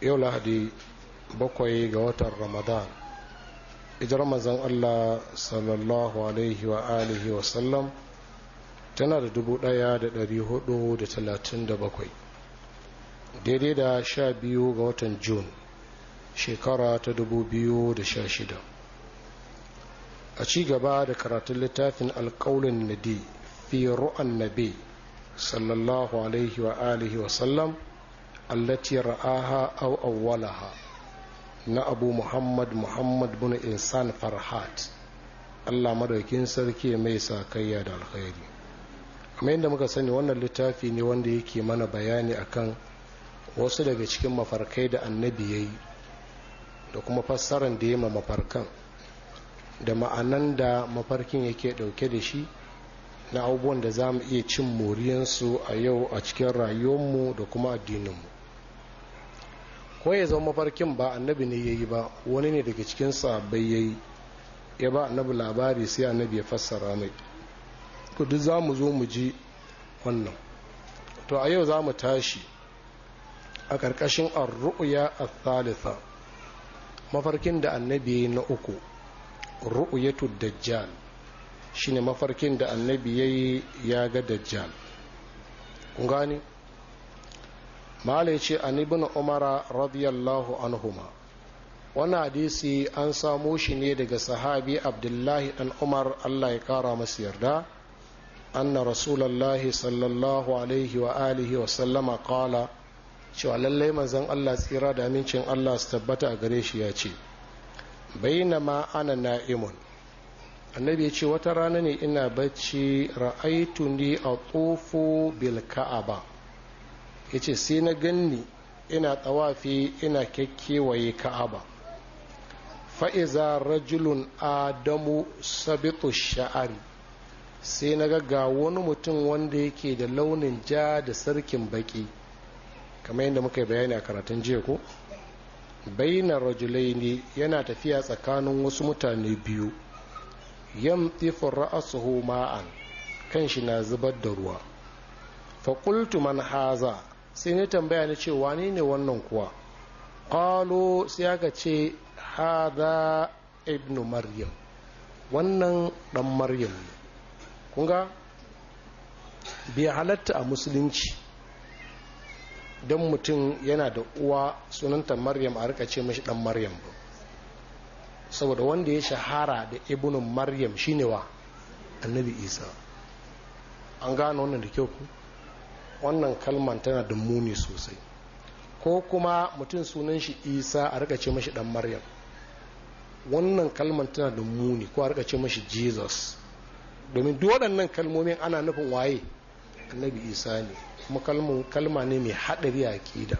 yau lahadi bakwai ga watan ramadan ijar mazan allah sallallahu alaihi wa alihi wa sallam tana da dubu daya da dari hudu da talatin da bakwai daidai da sha biyu ga watan Jun, shekara ta dubu biyu da sha shida a ci gaba da karatun littafin alkaulin nadi fi ru'an nabi sallallahu alaihi wa alihi wa sallam allati ra'aha aw awwalaha na abu muhammad muhammad bin insan farhat allah madaukin sarki mai sakayya da alkhairi kamar yadda muka sani wannan littafi ne wanda yake mana bayani akan wasu daga cikin mafarkai da annabi ya yi da kuma fassarar da ya ma mafarkan da ma'anan da mafarkin yake dauke da shi na abubuwan da za mu iya cin moriyansu a yau a cikin rayuwarmu da kuma addininmu ko ya zama mafarkin ba annabi ne ya yi ba wani ne daga cikin sahabbai ya yi ya ba annabi labari sai annabi ya fassara mai to za mu zo mu ji wannan to a yau za mu tashi a ƙarƙashin al-ru'uya a thalitha mafarkin da annabi ya yi na uku ru'uyatu dajjal shine mafarkin da annabi ya yi ya ga dajjal kun gani mala ya ce an ibn umara radiyallahu anhuma wani hadisi an samo shi ne daga sahabi abdullahi Ɗan umar allah ya kara masu yarda anna rasulallahi sallallahu alaihi wa alihi wa sallama kala cewa lallai manzon allah tsira da amincin allah su tabbata a gare shi ya ce bainama ana na'imun annabi ya ce wata rana ne ina bacci ra'aitu ni a tsofo bil ka'aba ya ce sai na ganni ina tsawafi ina kyakkewaye ka'aba fa'iza rajulun adamu sabitu sha'ari sai na ga wani mutum wanda yake da launin ja da sarkin baki kamar yadda muka yi bayani a karatun jiya ko bainar rajulai ne yana tafiya tsakanin wasu mutane biyu yam tifin ra'asuhu ma'an kan shi na zubar da ruwa faƙultu man haza sai ne tambaya na ce wane ne wannan kuwa ƙalo sai aka ce haza ibnu maryam wannan ɗan maryam ne kunga bai halatta a musulunci don mutum yana da uwa sunanta maryam a rika ce mashi ɗan maryam ba saboda wanda ya shahara da ibnu maryam shine wa annabi isa an gano wannan da kyau ku wannan kalman tana da muni sosai ko kuma mutum sunan shi isa a rika ce mashi dan maryam wannan kalman tana da muni ko a rika ce mashi jesus domin duk waɗannan kalmomin ana nufin waye annabi isa ne kuma kalma ne mai haɗari a akida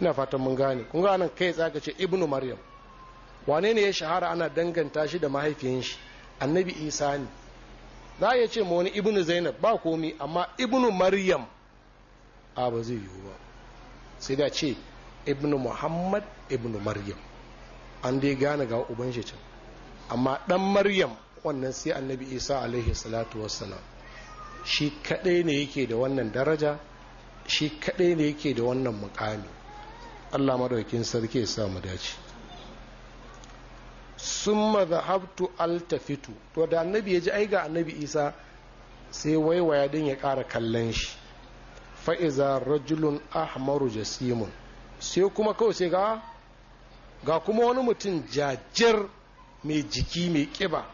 ina fatan mun gane kun ga nan kai tsaka ce ibnu maryam wane ne ya shahara ana danganta shi da mahaifiyin shi annabi isa ne za a ce ma wani ibnu zainab ba komi amma ibnu maryam a ba zai yiwu ba sai da ce ibnu muhammad ibnu maryam an dai gane ga uban shi can amma dan maryam wannan sai annabi isa alaihi salatu wassalam shi kadai ne yake da wannan daraja shi kadai ne yake da wannan mukami allah madaukin sarki ya sa mu dace summa zahabtu altafitu to da annabi ya ji ai ga annabi isa sai waiwaya din ya ƙara kallon shi fa'iza rajulun ahmaru jasimun sai kuma kawai sai ga ga kuma wani mutum jajir mai jiki mai ƙiba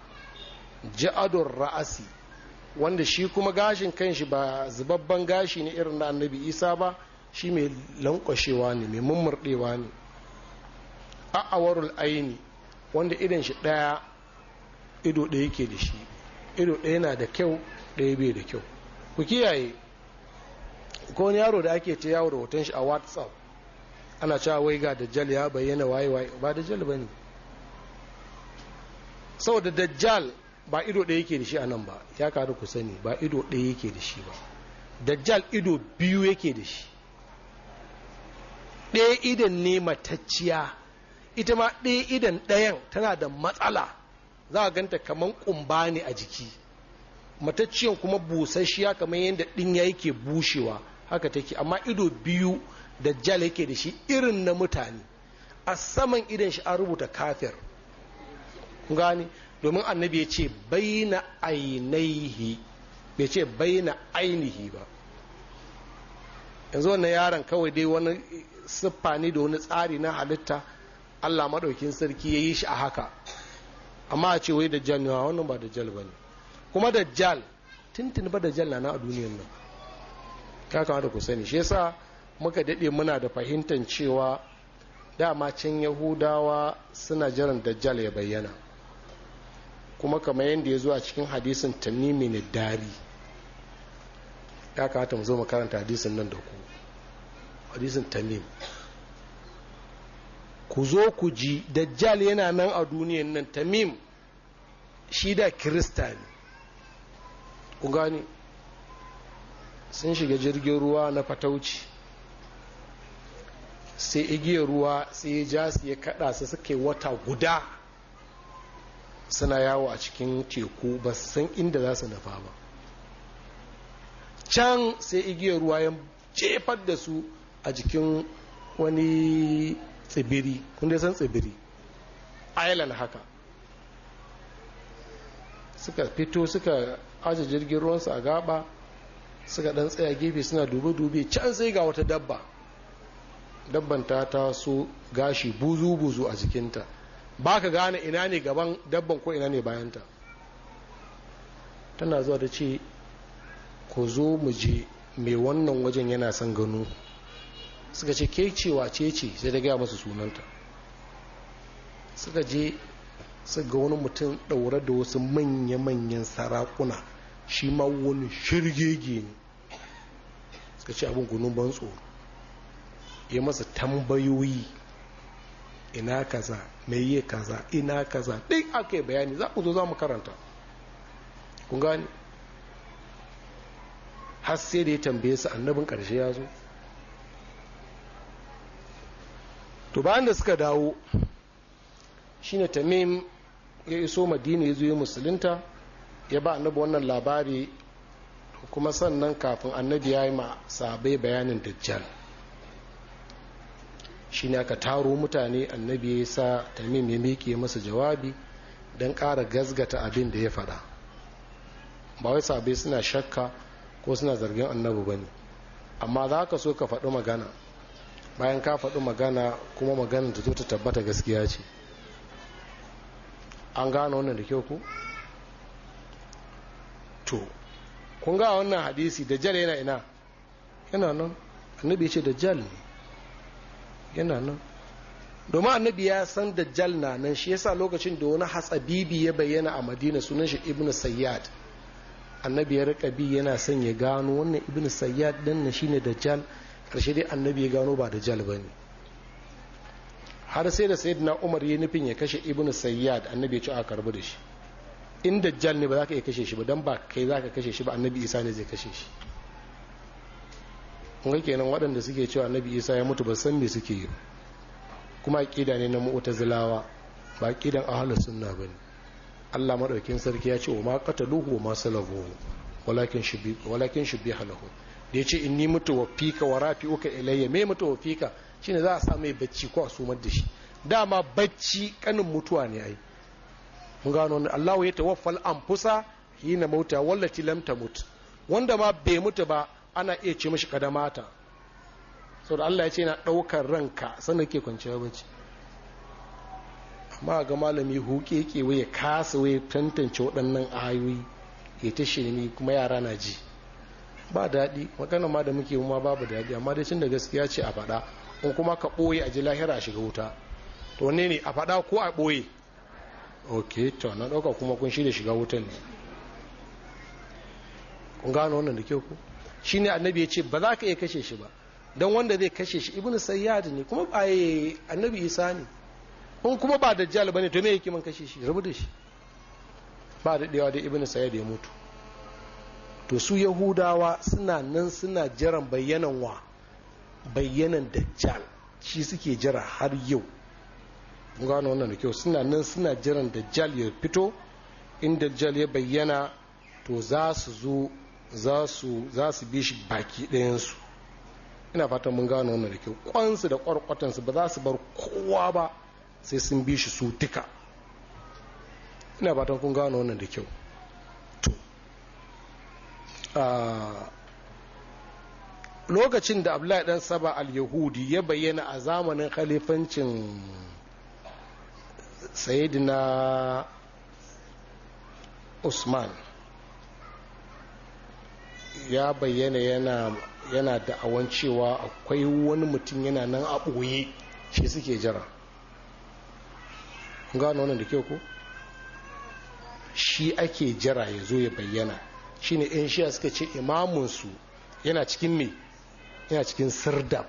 ja'adun ra'asi wanda shi kuma gashin kanshi ba zubabban gashi ne irin na annabi isa ba shi mai lankwashewa ne mai mummurɗewa ne a'awarul aini wanda idan shi ɗaya ido ɗaya ke da shi ido ɗaya na da kyau ɗaya bai da kyau ku kiyaye ko wani yaro da ake ta yawo da hoton shi a whatsapp ana cewa wai ga dajjal ya bayyana waye waye ba dajjal ba ne saboda dajjal ba ido ɗaya yake da shi a nan ba ya karu ku sani ba ido ɗaya yake da shi ba dajjal ido biyu yake da shi ɗaya idan ne matacciya ita ma ɗaya idan ɗayan tana da matsala za a ganta kamar ƙumba ne a jiki matacciyan kuma busasshiya kamar yadda ɗinya yake bushewa haka take amma ido biyu da jal yake da shi irin na mutane a saman idan shi an rubuta kafir gani domin annabi ya ce baina ainihi bai ce baina ainihi ba yanzu wannan yaron kawai dai wani siffa ne da wani tsari na halitta Allah maɗaukin sarki ya yi shi a haka amma a ce wai jal ne wannan ba jal ba ne kuma jal tuntun ba da na na a duniyan nan ka kamata ku sani shi yasa muka daɗe muna da fahimtar cewa dama can yahudawa suna jiran da jal ya bayyana kuma kamar yadda ya zo a cikin hadisin tamimi ne dari ya kamata mu zo mu karanta hadisin nan da ku hadisin tamim ku zo ku ji dajjal yana nan a duniyan nan tamim shi da kirista ne ku gane sun shiga jirgin ruwa na fatauci sai igiyar ruwa sai ya ja su ya kada su suke wata guda suna yawo a cikin teku ba su san inda za su nafa ba can sai igiyar ruwa ya jefar da su a jikin wani tsibiri kun dai san tsibiri island haka suka fito suka aje jirgin ruwan ruwansu a gaba suka dan tsaya gefe suna dube-dube can sai ga wata dabba dabban ta taso gashi buzu-buzu a jikinta ba ka gane ina ne gaban dabban ko ina ne bayanta tana zuwa da ce ku zo mu je mai wannan wajen yana son gano suka ce ke cewa ce ce sai da gaya masu sunanta suka je su ga wani mutum ɗaure da wasu manya-manyan sarakuna shi ma wani shirgege ne suka ce abin gunun ban tsoro ya masa tambayoyi ina kaza mai yi kaza ina kaza ɗin aka yi bayani za ku zo za mu karanta kun gani har sai da ya tambaye su annabin ƙarshe ya zo to bayan da suka dawo shi shine tamim ya iso madina ya zuwa musulunta ya ba annabi wannan labari kuma sannan kafin annabi ya yi ma sabai bayanin dajjal ne aka taro mutane annabi ya sa tamim ya miƙe masa jawabi don ƙara gazgata abin da ya faɗa ba wai sabai suna shakka ko suna zargin annabi ba ne amma za ka so ka faɗi magana bayan ka faɗi magana kuma magana ta zo ta tabbata gaskiya ce an gano wannan da kyau ku to kun ga wannan hadisi da jal yana ina yana nan annabi ce da jal ne yana nan domin annabi ya san da jal na nan shi yasa lokacin da wani hatsabibi ya bayyana a madina sunan shi ibn sayyad annabi ya rika yana son ya gano wannan ibn sayyad din na shine jal. Karshe dai annabi ya gano ba da jal ba ne har sai da na umar ya nufin ya kashe ibn sayyad annabi ya ci a karbi da shi in dajjal ne ba za ka iya kashe shi ba don ba kai za ka kashe shi ba annabi isa ne zai kashe shi Kuma kenan waɗanda suke cewa annabi isa ya mutu ba san me suke yi kuma ƙida ne na zilawa ba aqidan suna sunna ne Allah madaukin sarki ya ce wa ma qataluhu wa ma salahu walakin shubi halahu da ya ce in ni mutu wa fika wa rafi uka ilayya me mutu wa fika shi ne za a sa mai bacci ko a sumar da shi dama bacci kanin mutuwa ne ai mun gano ne Allahu ya tawaffal anfusa hina mauta wallati lam tamut wanda ma bai mutu ba ana iya ce mishi kadamata da Allah ya ce yana daukar ranka sanin ke kwanciya bacci amma ga malami huke ke ya kasa waye tantance waɗannan ayoyi ya ta shirmi kuma yara na ji ba daɗi magana ma da muke ma babu daɗi amma dai da gaskiya ce a faɗa in kuma ka ɓoye a ji lahira a shiga wuta to ne ne a faɗa ko a ɓoye ok to na ɗauka kuma kun shirya shiga wutan ne kun gano wannan da kyau ku shi ne annabi ya ce ba za ka iya kashe shi ba don wanda zai kashe shi ibn sayyad ne kuma ba annabi isa ne in kuma ba da dajjal ne to me yake man kashe shi rabu da shi ba daɗewa da ibn sayyad ya mutu to su yahudawa suna nan suna jiran bayyanan wa bayyanan dajjal shi suke jira har yau gano wannan da kyau suna nan suna jiran dajjal ya fito in dajjal ya bayyana to za su zo za su bi shi baki ɗayansu ina fatan mun gano wannan da kyau kwansu da kwarkwatansu ba za su bar kowa ba sai sun bi shi su duka ina fatan kun gano wannan da kyau lokacin da abdullahi dan saba al-yahudi ya bayyana a zamanin khalifancin sayidina usman ya bayyana yana yana da'awan cewa akwai wani mutum yana nan a ɓoye shi suke jira gano wannan da ke ku shi ake jira ya zo ya bayyana shine yan shiya suka ce imamunsu yana cikin me yana cikin sirda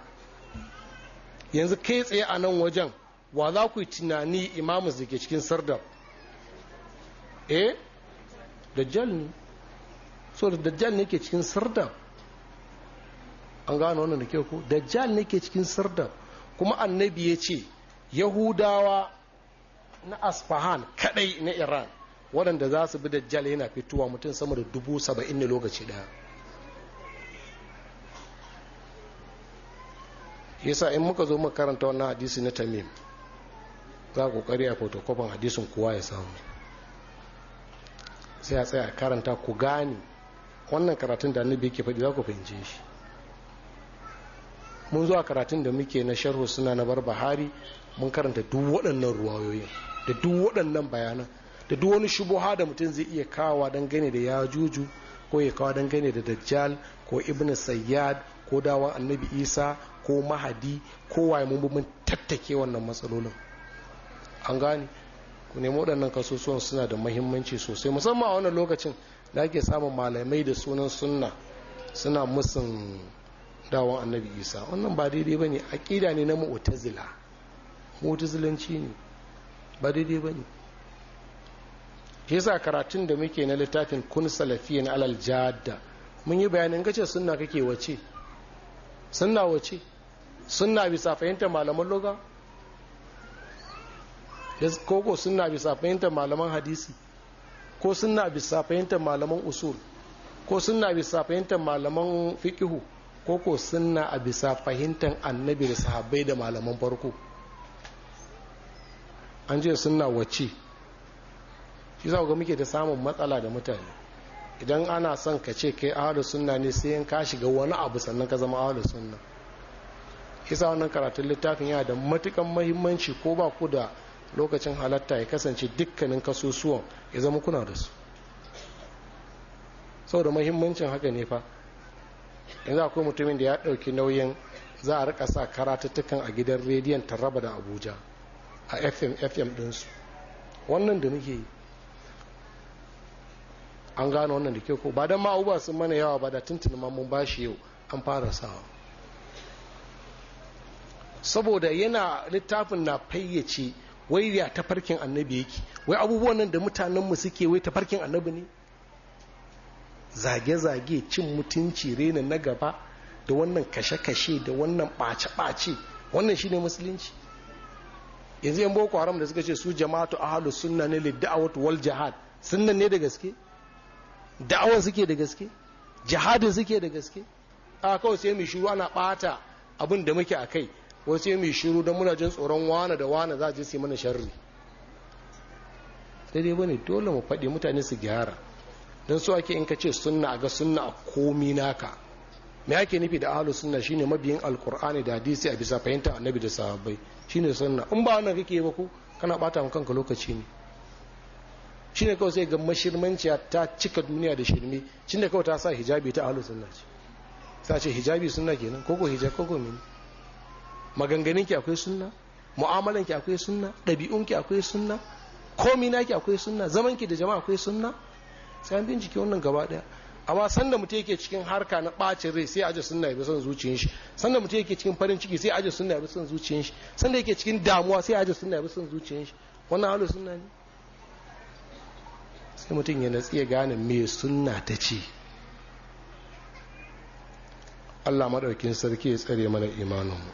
yanzu kai tsaye a nan wajen wa za ku yi tunani imamus da ke cikin sirda eh dajjal ne so da dajjal ne ke cikin sirda an gano wannan da ke ku dajjal ne ke cikin sirda kuma annabi ya ce yahudawa na asfahan kadai na iran waɗanda za su bi dajjal yana fitowa mutum sama da dubu saba'in ne lokaci ɗaya yasa in muka zo muka karanta wannan hadisi na tamim za ku ƙari a fotokofin hadisin kowa ya samu sai a tsaya karanta ku gane wannan karatun da annabi yake faɗi za ku fahimce shi mun zuwa karatun da muke na sharhu suna na Bar Bahari mun karanta duk waɗannan ruwayoyin da duk waɗannan bayanan da duk wani shubuha da mutum zai iya kawa dangane da ya juju ko ya kawo dangane da dajjal ko ibn sayyad ko dawa annabi isa ko mahadi ko waye mun tattake wannan matsalolin an gane ku nemi waɗannan kasusuwan suna da mahimmanci sosai musamman a wannan lokacin da ake samun malamai da sunan sunna suna musun dawon annabi isa wannan ba daidai ba ne aƙida ne na mu'tazila mu'tazilanci ne ba daidai ba ne shi yasa karatun da muke na littafin kun salafiyan alal jadda mun yi bayanin gace sunna kake wace sunna wace sunna bisa fahimtar malaman loga koko sunna bisa fahimtar malaman hadisi ko sunna bisa fahimtar malaman usul ko sunna bisa fahimtar malaman fikihu ko ko sunna a bisa fahimtar annabi da sahabbai da malaman farko an je sunna wace shi za ga muke da samun matsala da mutane idan ana son ka ce kai ahlus sunna ne sai in ka shiga wani abu sannan ka zama ahlus sunna Kisa wannan karatun littafin yana da matukan mahimmanci ko ba ku da lokacin halatta ya kasance dukkanin kasusuwan ya zama kuna da su saboda mahimmancin haka ne fa yanzu akwai mutumin da ya ɗauki nauyin za a rika sa karatuttukan a gidan rediyon taraba da abuja a fm fm ɗinsu wannan da muke yi an gano wannan da ke ko ba don ma abubuwa sun mana yawa ba da tuntun ma mun bashi yau an fara sawa saboda yana littafin na fayyace wai ya tafarkin annabi yake wai abubuwan nan da mutanenmu suke wai tafarkin annabi ne zage-zage cin mutunci rena na gaba da wannan kashe-kashe da wannan ɓace-ɓace wannan shine musulunci yanzu yan boko haram da suka ce su jama'atu ahlus sunna ne lidda'awatu wal jihad sunna ne da gaske da'awar suke da gaske jihadin suke da gaske a kawai sai mai shiru ana ɓata abin da muke a kai wai sai mai shiru don muna jin tsoron wane da wane za a je su mana sharri daidai bane dole mu faɗi mutane su gyara don su ake in ka ce sunna a ga sunna a komi naka me ake nufi da ahlus sunna shine mabiyin alkur'ani da hadisi a bisa fahimta annabi da sahabbai shine sunna in ba wannan kake ba ko kana bata kanka lokaci ne shine ne kawai sai ga mashirmanci ta cika duniya da shirme shi ne kawai ta sa hijabi ta ahalu sunna ce ta ce hijabi sunna kenan koko hijabi koko min maganganin ki akwai sunna mu'amalan ki akwai sunna ɗabi'un ki akwai sunna komina ki akwai sunna zaman ki da jama'a akwai sunna sai an bincike wannan gaba daya amma sanda mutum yake cikin harka na ɓacin rai sai aje sunna ya son zuciyar shi sanda mutum yake cikin farin ciki sai aje sunna ya son zuciyar shi sanda yake cikin damuwa sai aje sunna ya son zuciyar shi wannan halu sunna ne sai mutum ya natsi ya gane me suna ta ce Allah maɗaukin sarki ya tsare mana imaninmu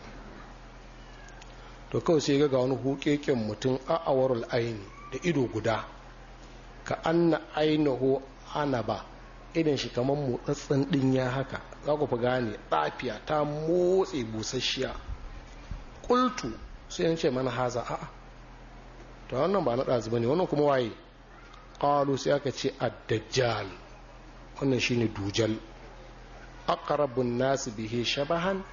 to kawai sai ga wani hukekin mutum a awarul aini da ido guda ka anna ainihu ana ba idan shi kamar ɗin ya haka za ku fi gane ɗafiya ta motsi busasshiya ƙultu sai yance mana haza a'a to wannan ba na ɗazu ba ne wannan kuma waye qalu sai aka ce ad-dajjal wannan shine dujal aqrabun nas bihi shabahan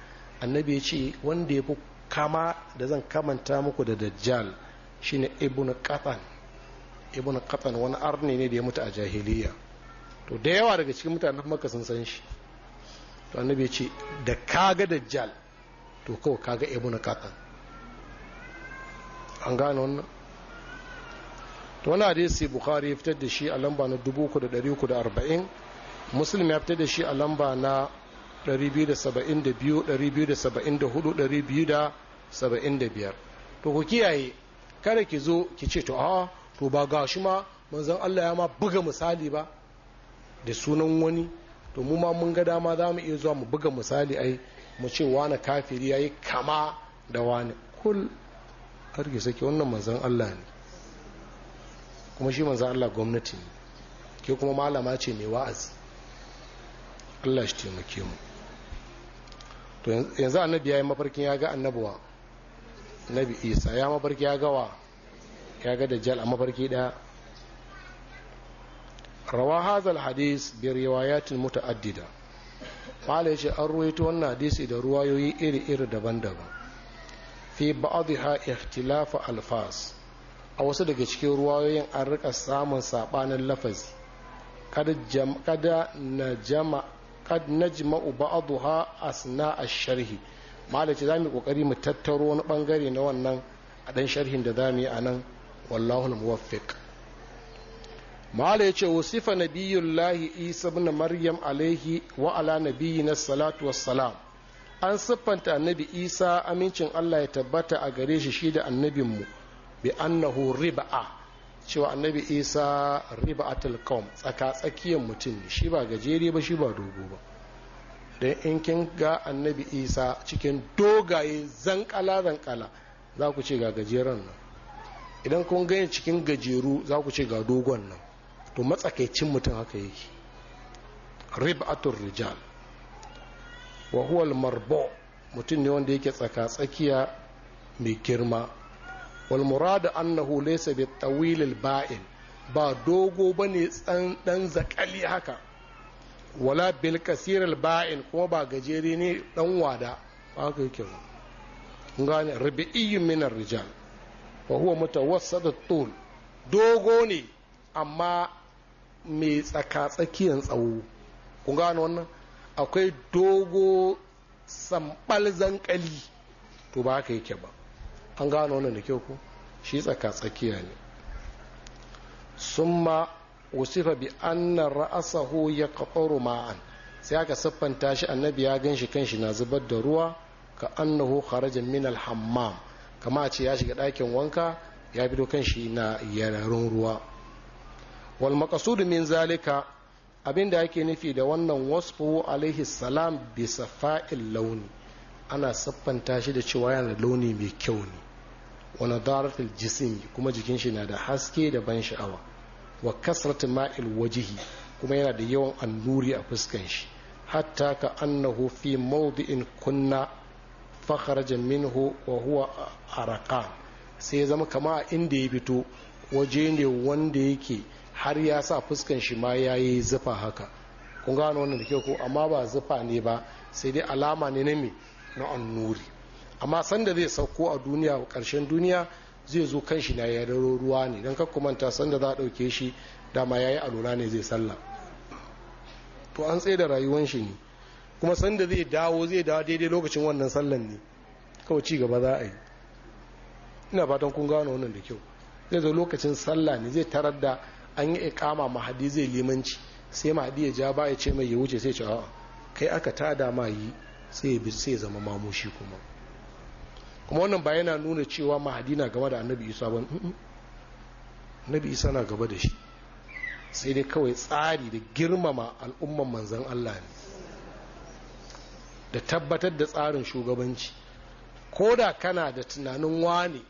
annabi ya ce wanda ya fi kama da zan kamanta muku da dajjal shine ibnu qatan ibnu qatan wani arne ne da ya mutu a jahiliya to da yawa daga cikin mutanen makka sun san shi to annabi ya ce da kaga dajjal to kawai kaga ibnu qatan an gane wannan to wani hadisi bukhari ya fitar da shi a lamba na 3,340 muslim ya fitar da shi a lamba na 272,274,275 to ku kiyaye kada ki zo ki ce to a to ba ga shi ma manzan Allah ya ma buga misali ba da sunan wani to mu ma mun ga dama za mu iya zuwa mu buga misali ai mu ce wani kafiri yi kama da wani kul har ki saki wannan manzon Allah ne kuma shi manzan Allah gwamnati ne ke kuma malama ce mai wa'azi Allah shi taimake mu to yanzu annabi ya yi mafarkin ya ga annabuwa nabi isa ya mafarki ya gawa ya ga da jal a mafarki daya rawa hazal hadis bi riwayatin muta'addida mala ce an ruwaito wannan hadisi da ruwayoyi iri-iri daban-daban fi ba'dha ikhtilafu alfas a wasu daga cikin ruwayoyin an rika samun sabanin lafazi kada na jama kad najma'u a asna a sharhi malaci zamu kokari mu tattaro wani bangare na wannan a dan sharhin da za mu yi anan wallahu muwaffiq mala yace wasifa nabiyullahi isa ibn maryam alaihi wa ala na salatu wassalam an siffanta annabi isa amincin Allah ya tabbata a gare shi shi da annabinmu mu bi annahu riba'a cewa annabi isa riba'atul qaum tsaka tsakiyar mutum shi ba gajere ba shi ba dogo ba dan in kin ga annabi isa cikin dogaye zankala zankala za ku ce ga gajeren nan idan kun gani cikin gajeru za ku ce ga dogon nan to matsakaicin mutum haka yake rib'atul rijal wa huwa al-marbu mutum ne wanda yake tsaka tsakiya mai girma wal annahu laysa bi tawilil ba'in ba dogo bane tsan dan zakali haka wala bil kasiril ba'in kuma ba gajere ne dan wada haka yake gane rubi'iyyun min ar-rijal wa huwa mutawassat at dogo ne amma mai tsaka-tsakiyan tsawo kun gano wannan akwai dogo sambal zankali to ba haka yake ba an gano wannan da kyau ku shi tsaka tsakiya ne summa usifa bi anna ra'asahu yaqtaru ma'an sai aka siffanta shi annabi ya ganshi kanshi na zubar da ruwa ka annahu kharaja min al-hammam kama a ce ya shiga ɗakin wanka ya bido kanshi na yararun ruwa wal maqsud min zalika abinda yake nufi da wannan wasfu alaihi salam bi safa'il launi ana siffanta shi da cewa yana da launi mai kyau ne wani daratul jisim kuma jikin shi na da haske da ban sha'awa wa kasratu ma'il wajihi kuma yana da yawan annuri a fuskan shi hatta ka annahu fi mawdi'in kunna fakharaja minhu wa huwa araqa sai ya zama kama inda ya fito waje ne wanda yake har ya sa fuskan shi ma yayi zufa haka kun gano wannan da kyau ko amma ba zufa ne ba sai dai alama ne na me na annuri amma sanda zai sauko a duniya a ƙarshen duniya zai zo kan shi na yararo ruwa ne don kakku manta sanda za a ɗauke shi dama ya yi alula ne zai salla to an tsaye da rayuwan shi ne kuma sanda zai dawo zai dawo daidai lokacin wannan sallan ne kawai ci za a yi ina fatan kun gano wannan da kyau zai zo lokacin sallah ne zai tarar da an yi ikama mahadi zai limanci sai mahadi ya ja ba ya ce mai ya wuce sai ce kai aka tada ma yi sai ya zama mamushi kuma kuma wannan ba yana nuna cewa mahadi na gaba da annabi isa ba annabi isa na gaba da shi sai dai kawai tsari da girmama al'umman manzan Allah ne da tabbatar da tsarin shugabanci ko da kana da tunanin wane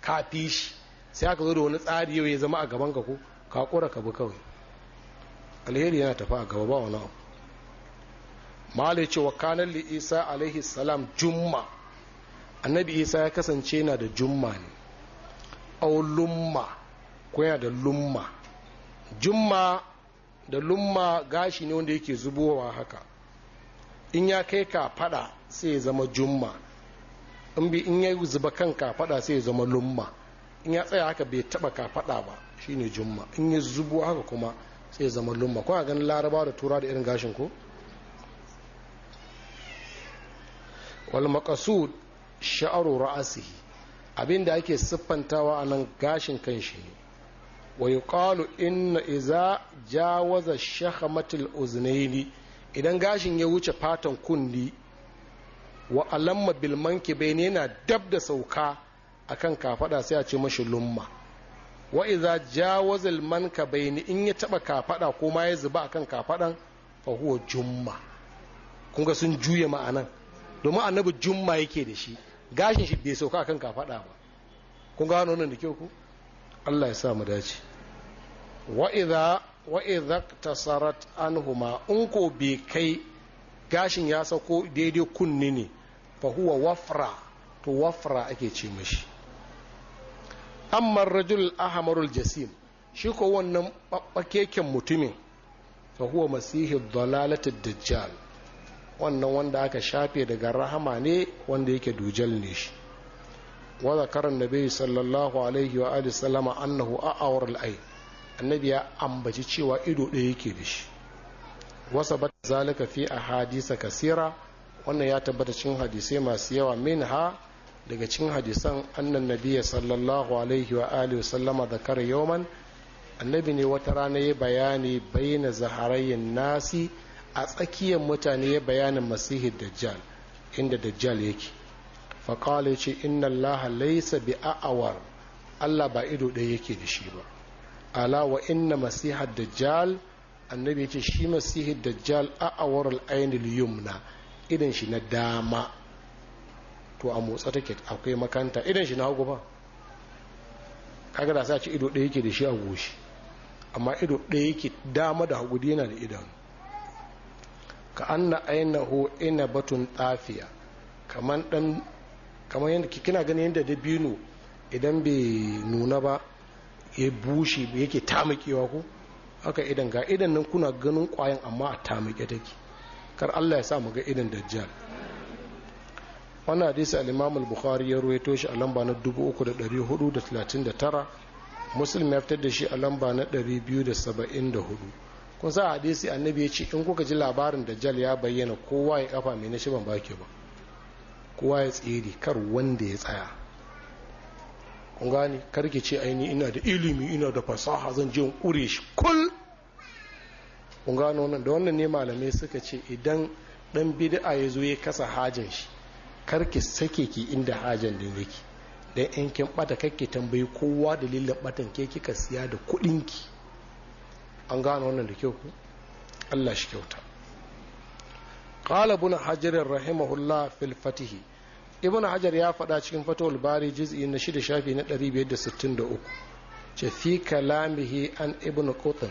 kafi shi sai aka zo da wani tsari yau ya zama a gaban ka ko ka kura ka bi kawai alheri yana tafi a gaba ba wani abu malai ce wa kanan li isa alaihi salam jumma annabi isa ya kasance yana da jumma ne au lumma ko yana da lumma jumma da lumma gashi ne wanda yake zubowa haka in ya kai ka fada sai ya zama jumma in bi in ya zuba kan ka fada sai ya zama lumma in ya tsaya haka bai taba ka ba shine jumma in ya zubo haka kuma sai ya zama lumma kuna ganin larabawa da tura da irin gashin ko wal maqasud sha'aru ra'asihi abinda ake siffantawa a nan gashin kanshi ne wa yuqalu inna iza jawaza shakhamatil uznaini idan gashin ya wuce fatan kundi wa alamma bil mankibaini yana dab da sauka akan kafada sai a ce mashi lumma wa iza jawaza manka mankibaini in ya taba kafada ko ma ya zuba akan kafadan fa huwa jumma kun ga sun juya ma'anan domin annabi jumma yake da shi gashin shi bai sauka kan kafaɗa ba kun gano nan da kyau ku Allah ya sa mu dace wa idza wa idza tasarat anhuma in ko bai kai gashin ya sauko daidai kunni ne fa huwa wafra to wafra ake ce mashi amma rajul ahmarul jasim shi ko wannan keken mutumin fa huwa masihi dalalatu dajjal wannan wanda aka shafe daga rahama ne wanda yake dujal ne shi wa da nabi sallallahu alaihi wa alihi sallama annahu a'awar al'ai annabi ya ambaci cewa ido ɗaya yake da shi wasa ta zalika fi hadisa kasira wannan ya tabbata cin hadisai masu yawa min ha daga cikin hadisan annan nabi sallallahu alaihi wa alihi sallama zakara yawman annabi ne wata rana ya bayani bayyana zaharayin nasi a tsakiyar mutane ya bayanin masihin dajjal inda dajjal yake faƙala ce inna allaha laisa bi a'awar allah ba ido ɗaya yake da shi ba ala wa inna masihar dajjal annabi ce shi masihar dajjal a'awar al'ainul yumna idan shi na dama to a motsa take akwai makanta idan shi na hagu ba kaga da sa ce ido ɗaya yake da shi a goshi amma ido ɗaya yake dama da hagu yana da idanu ka anna ainihu ina batun tsafiya kamar yadda kina ganin yadda dabino idan bai nuna ba ya bushe yake tamakewa ku haka idan ga idan nan kuna ganin kwayan amma a tamake take kar Allah ya sa mu ga idan dajjal wannan hadisi al-Imam al-Bukhari ya ruwaito shi a lamba na 3439 Muslim ya fitar da shi a lamba na 274 kun sa hadisi annabi ya ce in kuka ji labarin da Jal ya bayyana kowa ya kafa mai nashi ban baki ba kowa ya tsere kar wanda ya tsaya kun kar karki ce aini ina da ilimi ina da fasaha zan je in kure shi kul kun gano nan da wannan ne malamai suka ce idan dan bid'a ya zo ya kasa hajan shi kar ki sake ki inda hajan din yake dan in kin bata kake tambayi kowa dalilin batan ke kika siya da kudin ki an gane wannan da kyau ku Allah shi kyauta qala ibn hajar rahimahullah fil fatihi. ibn hajar ya faɗa cikin fatawul bari juz'i na 6 shafi na 563 ce fi kalamihi an ibn qutn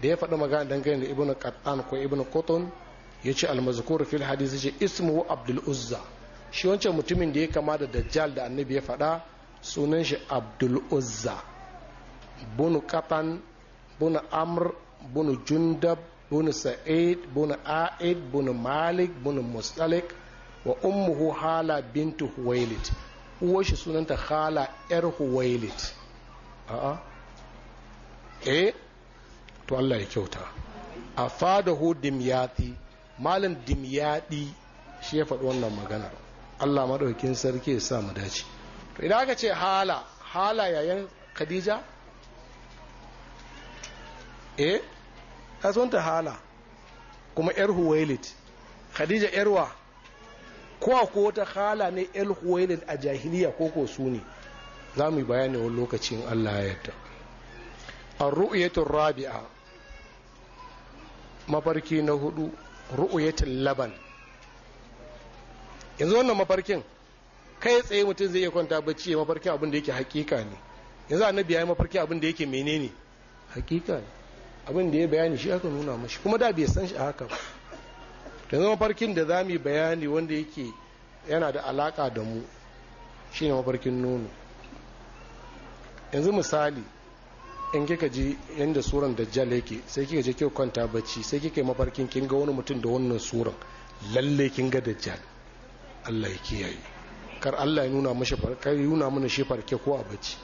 da ya faɗi magana dangane da ibn qattan ko ibn qutn yace al-mazkur fil hadith ce ismuhu abdul uzza shi wancan mutumin da ya kama da dajjal da annabi ya faɗa sunan shi abdul uzza bunu qatan Bunu amr bunu jundab bunu sa'id bunu a'id bunu malik bunu mustalik wa ummuhu hala bintu huwailit uwar shi sunanta hala yar huwailit a'a eh to Allah ya kyauta a fadahu dimyati malam dimyadi shi ya faɗi wannan magana. Allah maɗaukin sarki ya sa mu dace to idan aka ce hala hala yayin Khadija eh ka ta hala kuma yar huwailit khadija yarwa ko ko ta hala ne yar huwailit a jahiliya ko ko su ne za mu yi bayani wani lokacin allah ya yarda ar-ru'yatu rabi'a mafarki na hudu ru'yatul laban yanzu wannan mafarkin kai tsaye mutum zai iya kwanta bacci ya mafarkin abin da yake hakika ne yanzu annabi ya yi mafarkin abin da yake menene hakika ne abin da ya bayani shi aka nuna mashi kuma da bai san shi a haka ba yanzu mafarkin da za mu bayani wanda yake yana da alaka da mu shine mafarkin nono yanzu misali in kika ji yadda suran dajjal yake sai kika je kyau kwanta bacci sai kika yi mafarkin kin ga wani mutum da wannan suran lalle kin ga dajjal Allah ya kiyaye kar Allah ya nuna mashi mana shi farke ko a bacci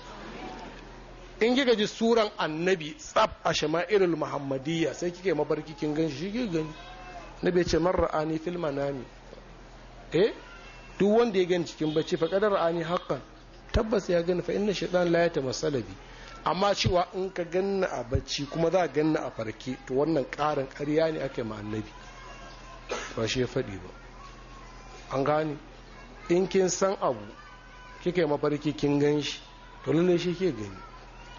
in kika ji suran annabi tsab a shama'irul muhammadiyya sai kike mafarki kin gan shi kike gani nabi ce man ra'ani fil manami eh duk wanda ya gani cikin bacci fa kadar ra'ani haqqan tabbas ya gani fa inna shaytan la yatamassala masalabi amma cewa in ka ganna a bacci kuma za a ganna a farke to wannan karin ƙarya ne ake ma annabi ba shi ya faɗi ba an gane in kin san abu kika yi mafarki kin gan shi to lallai shi ke gani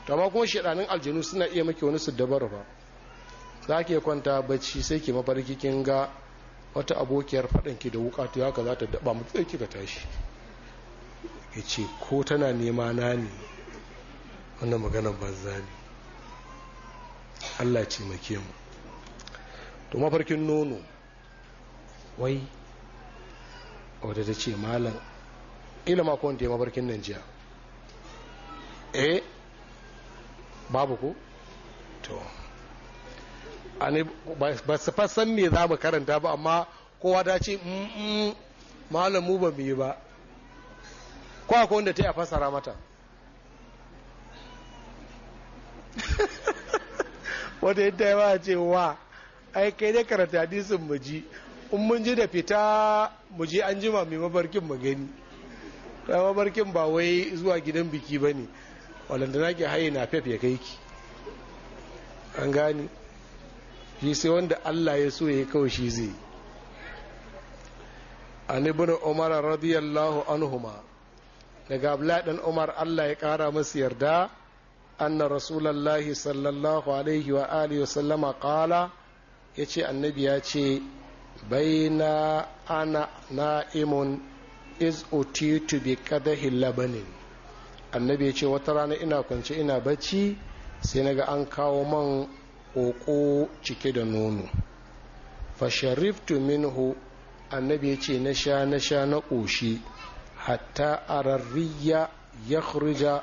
amma kuma shaɗanin aljanu suna iya maki wani su dabaru ba za ke kwanta bacci sai ke mafarki kin ga wata abokiyar faɗin da wuka to haka za ta daba mutu sai ka tashi ya ce ko tana nema na ne wannan maganar banza ne Allah ce make mu to mafarkin nono wai wadda ta ce malam ilama kwanta ya mafarkin nan jiya eh babu ku? to ani ba su fasan me za mu karanta ba amma kowa ta ce malamu ba mu yi ba ko akwai wanda ta yi a fasara mata wata yadda ya ce wa ai kai dai karanta hadisin mu ji in mun ji da fita mu je an jima mai mabarkin mu gani ta mabarkin ba wai zuwa gidan biki ba ne walanda na ke haye na fef ya kai ki an gani shi sai wanda allah ya so ya kawai shi zai an ibn umar radiyallahu anhuma daga abdullahi dan umar allah ya kara masa yarda anna Rasulallah sallallahu alaihi wa alihi wa sallama qala yace annabi ya ce baina ana na'imun is utitu bi qadahi labanin annabi ya ce wata rana ina kwance ina bacci sai naga an kawo man ƙoƙo cike da nono fashariftu minhu annabi ya ce na sha na sha na ƙoshi hatta ararriya ya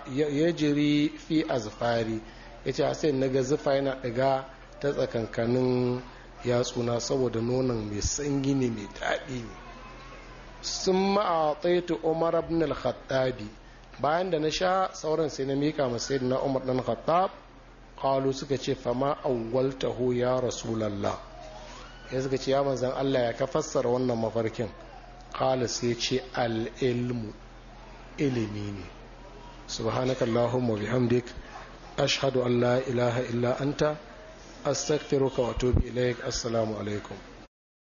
ya jiri fi azfari ya ce sai naga zufa yana ɗiga ta tsakankanin yatsuna saboda nonon mai sanyi ne mai daɗi ne sun ma'a umar ibn al-khattabi bayan da na sha sauran sai na mika ma na umar dan khattab qalu suka ce fama awwaltahu ya rasulullah ya suka ce ya manzan Allah ya ka fassara wannan mafarkin qala sai ce al ilmu ilimi ne subhanakallahumma bihamdik ashhadu an la ilaha illa anta astaghfiruka wa atubu ilaik assalamu alaikum